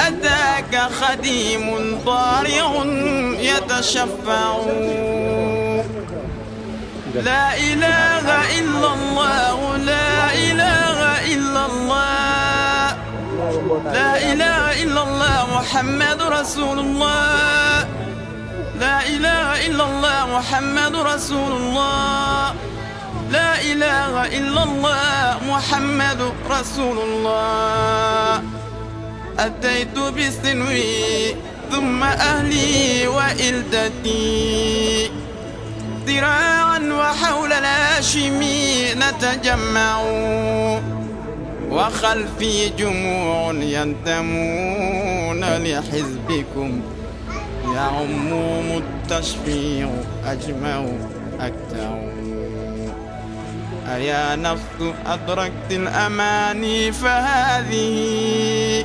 أتاك خديم طارع يتشفع لا إله إلا الله لا إله إلا الله لا إله إلا الله محمد رسول الله لا إله إلا الله محمد رسول الله لا إله إلا الله محمد رسول الله أتيت بسنوي ثم أهلي وإلدتي ذراعا وحول الهاشمي نتجمع وخلفي جموع ينتمون لحزبكم يعمهم التشفيع أجمع أكتر أيا نفس أدركت الأماني فهذه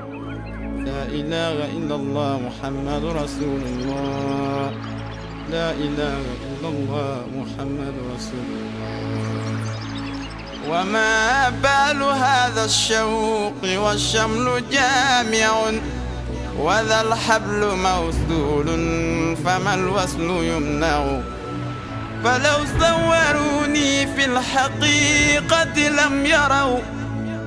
إله إلا الله محمد رسول الله لا إله إلا الله محمد رسول الله وما بال هذا الشوق والشمل جامع وذا الحبل موصول فما الوصل يمنع فلو صوروني في الحقيقة لم يروا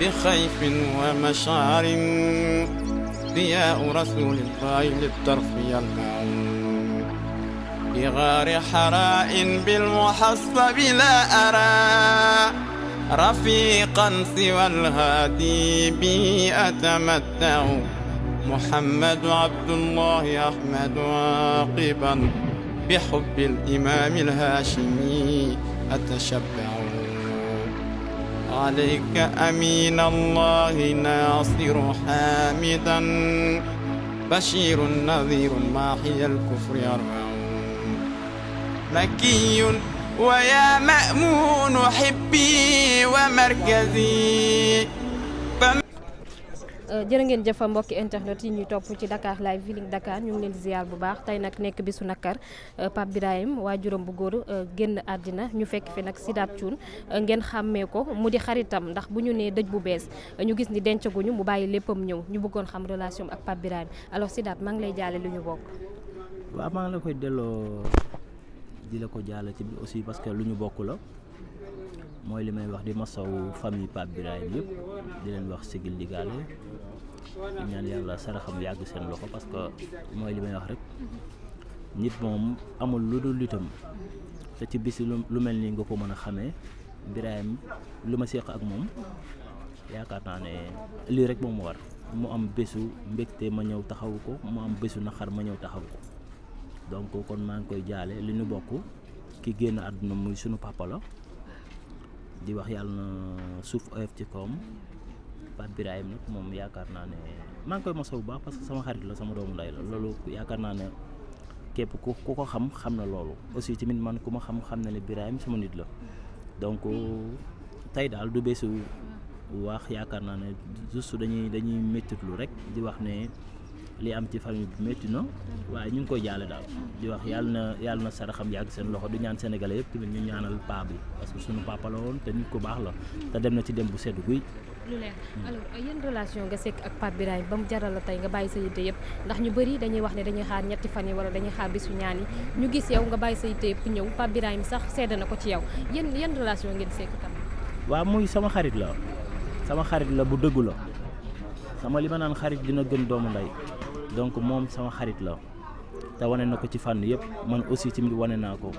بخيف ومشعر ضياء رسول الله للطرف يلمع بغار حراء بالمحصب لا أرى رفيقا سوى الهادي به أتمتع محمد عبد الله أحمد عاقبا بحب الإمام الهاشمي أتشبع عليك أمين الله ناصر حامدا بشير نذير ماحي الكفر يرعون مكي ويا مأمون حبي ومركزي Euh, jërë ngeen jëf mbokki internet yi ñu topp ci Dakar live Feeling Dakar ñu ngi leen di bu baax tey nag nekk bisu nakar euh, Pape waa waajuram bu góor euh, génn àddina ñu fekk fi nag Sidaat Thioune ngeen xàmmee ko mu di xaritam ndax bu ñu nee dëj bu bees ñu gis ni dencaguñu mu bàyyi léppam ñëw ñu bëggoon xam relation ak Pape Birahim alors Sidaat maa ngi lay jaale lu ñu bokk. waaw maa la koy delloo di la ko jaale ci aussi parce que lu ñu bokk la. mooy li may wax di ma masawu famille Pape Birahim yëpp di leen wax sigil digaale di ñaan yàlla saraxam yàgg seen loxo parce que mooy li may wax rek nit moom amul lu dul itam te ci bisi lu mel nii nga ko mën a xame Birahim lu ma seq ak moom yaakaar naa ne lii rek moom mu war mu am bésu mbégte ma ñëw taxaw ko mu am bésu naqar ma ñëw taxaw ko donc kon maa ngi koy jaale li ñu bokk ki génn àdduna muy sunu papa la di wax yàlla na suuf oyof ci kawam Pape Birahim nag moom yaakaar naa ne maa ngi koy mos bu baax parce que sama xarit la sama doomu ndey la loolu yaakaar naa ne képp ku ku ko xam xam na loolu. aussi tamit man ku ma xam xam na ne Birahim sama nit la donc tey daal du beesu wax yaakaar naa ne juste dañuy dañuy méttitlu rek di wax ne. li am ci famille bi métti na waaye ñu ngi koy jaale daal di wax yàlla na yàlla na saraxam yàgg seen loxo du ñaan sénégalais yëpp tamit ñu ñaanal paa bi parce que suñu papa la woon te nit ku baax la te dem na ci dem bu sedd guy. lu leer alors yan relation nga sekk ak Pape Birahim ba mu jaral la tey nga bàyyi sa yitte yëpp ndax ñu bëri dañuy wax ne dañuy xaar ñetti fan yi wala dañuy xaar bisu ñaan yi ñu gis yow nga bàyyi sa yitte yëpp ñëw Pape Birahim sax sedd na ko ci yow yan yan relation ngeen sekk tam. waaw sama xarit la sama xarit la bu dëggu la li ma naan xarit dina gën doomu ndey donc moom sama xarit la te wane na ko ci fànn yëpp man aussi tamit wane naa ko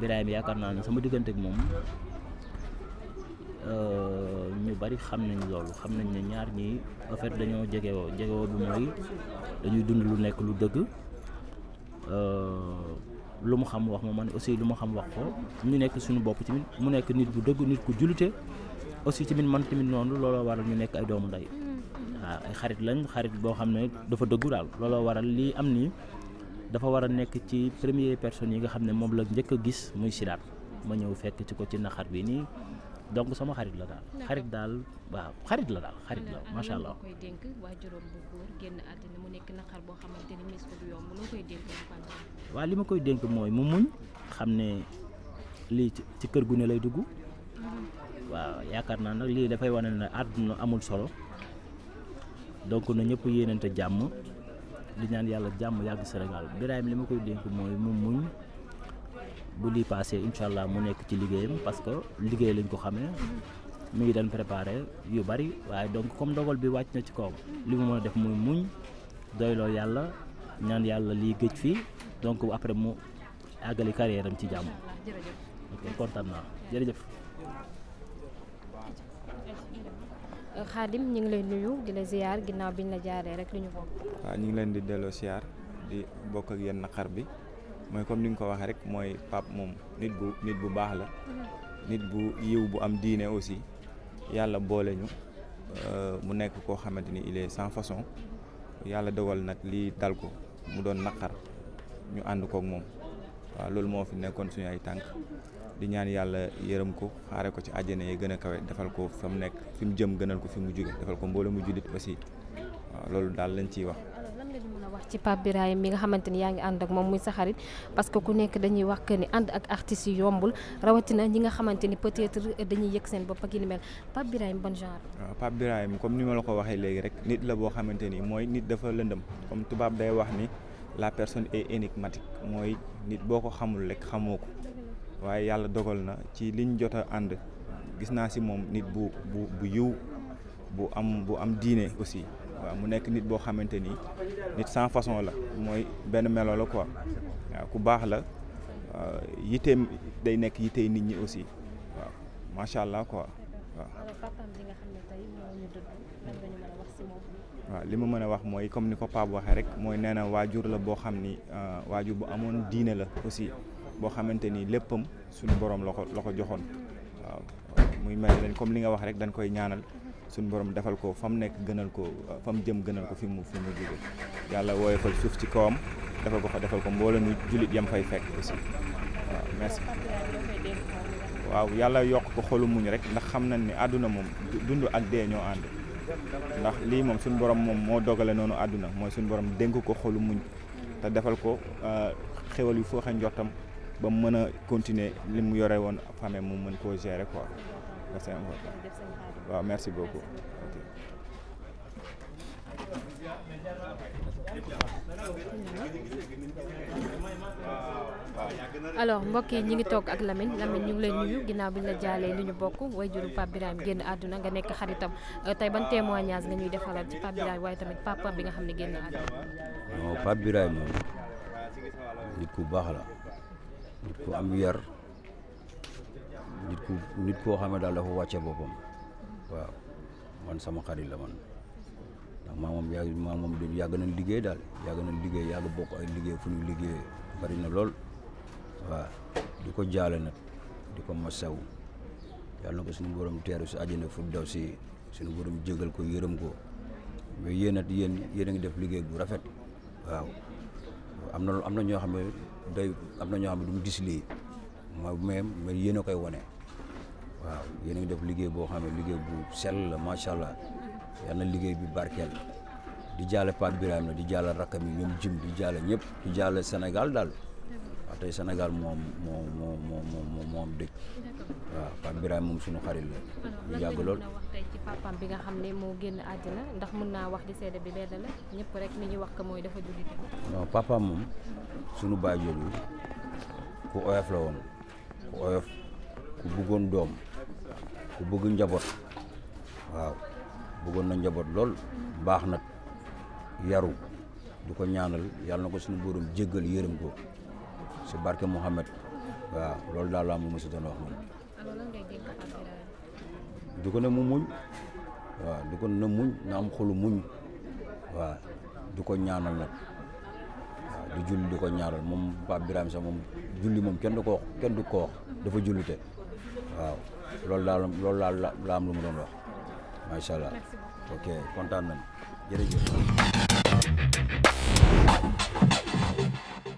Birahim yaakaar naa ne sama diggante ak moom euh, ñu bari xam nañ loolu xam nañ ne ñaar ñi en fait dañoo jegewoo jegewoo bi mooy dañuy dund lu nekk lu dëgg euh, lu mu xam wax ma man aussi lu mu xam wax ko ñu nekk suñu bopp tamit mu nekk nit bu dëgg nit ku julite aussi ci tamit man tamit noonu looloo waral ñu nekk ay doomu ndey waaw ah, ay xarit lañ xarit boo xam ne dafa dëggu daal looloo waral lii am nii dafa war a nekk ci premier personne yi nga xam ne moom la njëkk a gis muy sidaat ma ñëw fekk ci ko ci naxar bii nii donc sama xarit la daal xarit daal waaw xarit la xarit la macha allah dénk waajuram mu nekk naqar boo xamante ni mis li ma koy dénk mooy mu muñ xam ne lii ci kër gu ne lay dugg mm-hmm. waaw yaakaar naa nag lii dafay wane na àdduna amul solo donc na ñëpp yéenante jàmm li ñaan yàlla jàmm yàgg Sénégal Birahim li ma koy dénk mooy mu muñ bu lii paasee incha allah mu nekk ci liggéeyam parce que liggéey lañ ko xamee mi ngi dem préparé yu bari waaye donc comme dogal bi wàcc na ci kawam li mu mën a def muy muñ doyloo yàlla ñaan yàlla lii gëj fii donc après mu àggali carrière am ci jàmm. ok Khadim ñu ngi lay nuyu di la ziar bi biñ la jaaree rek li ñu bokk. waaw ñu ngi leen di delloo ziar di bokk ak yenn naqar bi mooy comme ni nga ko waxee rek mooy Pape moom nit bu nit bu baax la. Mm-hmm. nit bu yiw bu am diine aussi yàlla boole ñu euh, mu nekk koo xamante ni il est façon yàlla dogal nag lii dal ko mu doon naqar ñu ànd kook moom waaw loolu moo fi nekkoon suñu ay tànk. di ñaan yàlla yërëm ko xaare ko ci àjjana yi gën a kawe defal ko fa mu nekk fi mu jëm gënal ko fi mu jóge defal ko mbooloo mu jullit aussi waaw loolu daal lañ ciy wax. alors ci Pape Birahim mi nga xamante ni yaa ngi ànd ak moom muy sa parce que ku nekk dañuy wax que ni ànd ak artistes yi yombul rawatina ñi nga xamante ni peut-être dañuy yëg seen bopp ak yi ni mel Pape Birahim bon genre. waaw Pape Birahim comme ni ma la ko waxee léegi rek nit la boo xamante ni mooy nit dafa lëndëm comme tubaab day wax ni la personne est énigmatique mooy nit boo ko xamul rek xamoo ko waaye yàlla dogal na ci liñ jot a ànd gis naa si moom nit bu bu bu yiw bu am bu am diine aussi waaw mu nekk nit boo xamante ni nit sans façon la mooy benn melo la quoi waaw ku baax la yiteem day nekk yitey nit ñi aussi waaw macha allah quoi waa li ma mën a wax mooy comme ni ko Pape waxee rek mooy nee na waajur la boo xam ni euh, waajur bu amoon diine la aussi. boo xamante nii léppam suñu boroom la ko ko joxoon waaw muy mel leen comme li nga wax rek dañ koy ñaanal suñ boroom defal ko fa mu nekk gënal ko fa mu jëm gënal ko fi mu fi yàlla woyofal suuf ci kawam defal ko fa defal ko mbooloo mi jullit yam fay fekk aussi waaw waaw yàlla yokk ko xolu muñ rek ndax xam nañ ni àdduna moom dund ak dee ñoo lii moom suñu borom moom moo dogale noonu àdduna mooy suñu borom dénk ko xolu muñ te defal ko euh, xéwal yu fooxe njottam ba mu mën a continuer li mu yore woon famille mu mën koo gérer quoi c'est important merci beaucoup alors mbokk yi ñi ngi toog ak Lamine Lamine ñu ngi lay nuyu ginnaaw bi la jaalee li ñu bokk wayjuru Pape Birahim génn àdduna nga nekk xaritam euh, tey ban témoignage nga ñuy defalal ci Pape Birahim waaye tamit papa bi nga xam ne génn ku baax la. nit ku am yar nit ku nit koo xam daal dafa wàcce boppam waaw man sama xarit la man ndax maa moom yaa maa moom yàgg nañ liggéey daal yàgg nañ liggéey yàgg bokk ay liggéey fu ñu liggéey bari na lool waaw di ko jaale nag di ko masaw yàlla na ko suñu borom teeru si àjjana fu daw si suñu borom jégal ko yërëm ko mais yéen at yéen a ngi def liggéey bu rafet waaw am na am na ñoo xam doy am na ñoo xam ne du mu gis lii mooy même yéen a koy wane waaw yéen a ngi def liggéey boo xam ne liggéey bu sell la macha allah yal na liggéey bi barkeel di jaale Pape Birahim la di jaale rakkam yi ñoom jim di jaale ñëpp di jaale senegal daal waaw tey Sénégal moom moo moo moo moo moo am waaw Pape Birahim moom suñu xarit la ñu yàgg lool. papaam bi nga xam ne moo génn àddina ndax mën naa wax di seede bi benn la ñëpp rek ni ñuy wax ko mooy dafa judd non papaam moom suñu baay jooju ku oyof la woon ku bëggoon doom ku bëgg njaboot waaw bëggoon na njaboot lool baax na yaru du ko ñaanal yàlla na ko suñu boroom jéggal yërëm ko si barke Mouhamed waaw loolu daal laa ma doon wax man. du ko ne mu muñ waaw du ko na muñ na am xolu muñ waaw du ko ñaanal nag waaw du julli du ko ñaanal moom Pape Birame sax moom julli moom kenn du ko wax kenn du ko wax dafa jullite waaw loolu laa loolu laa la lu mu doon wax macha allah ok kontaan nañ jërëjëf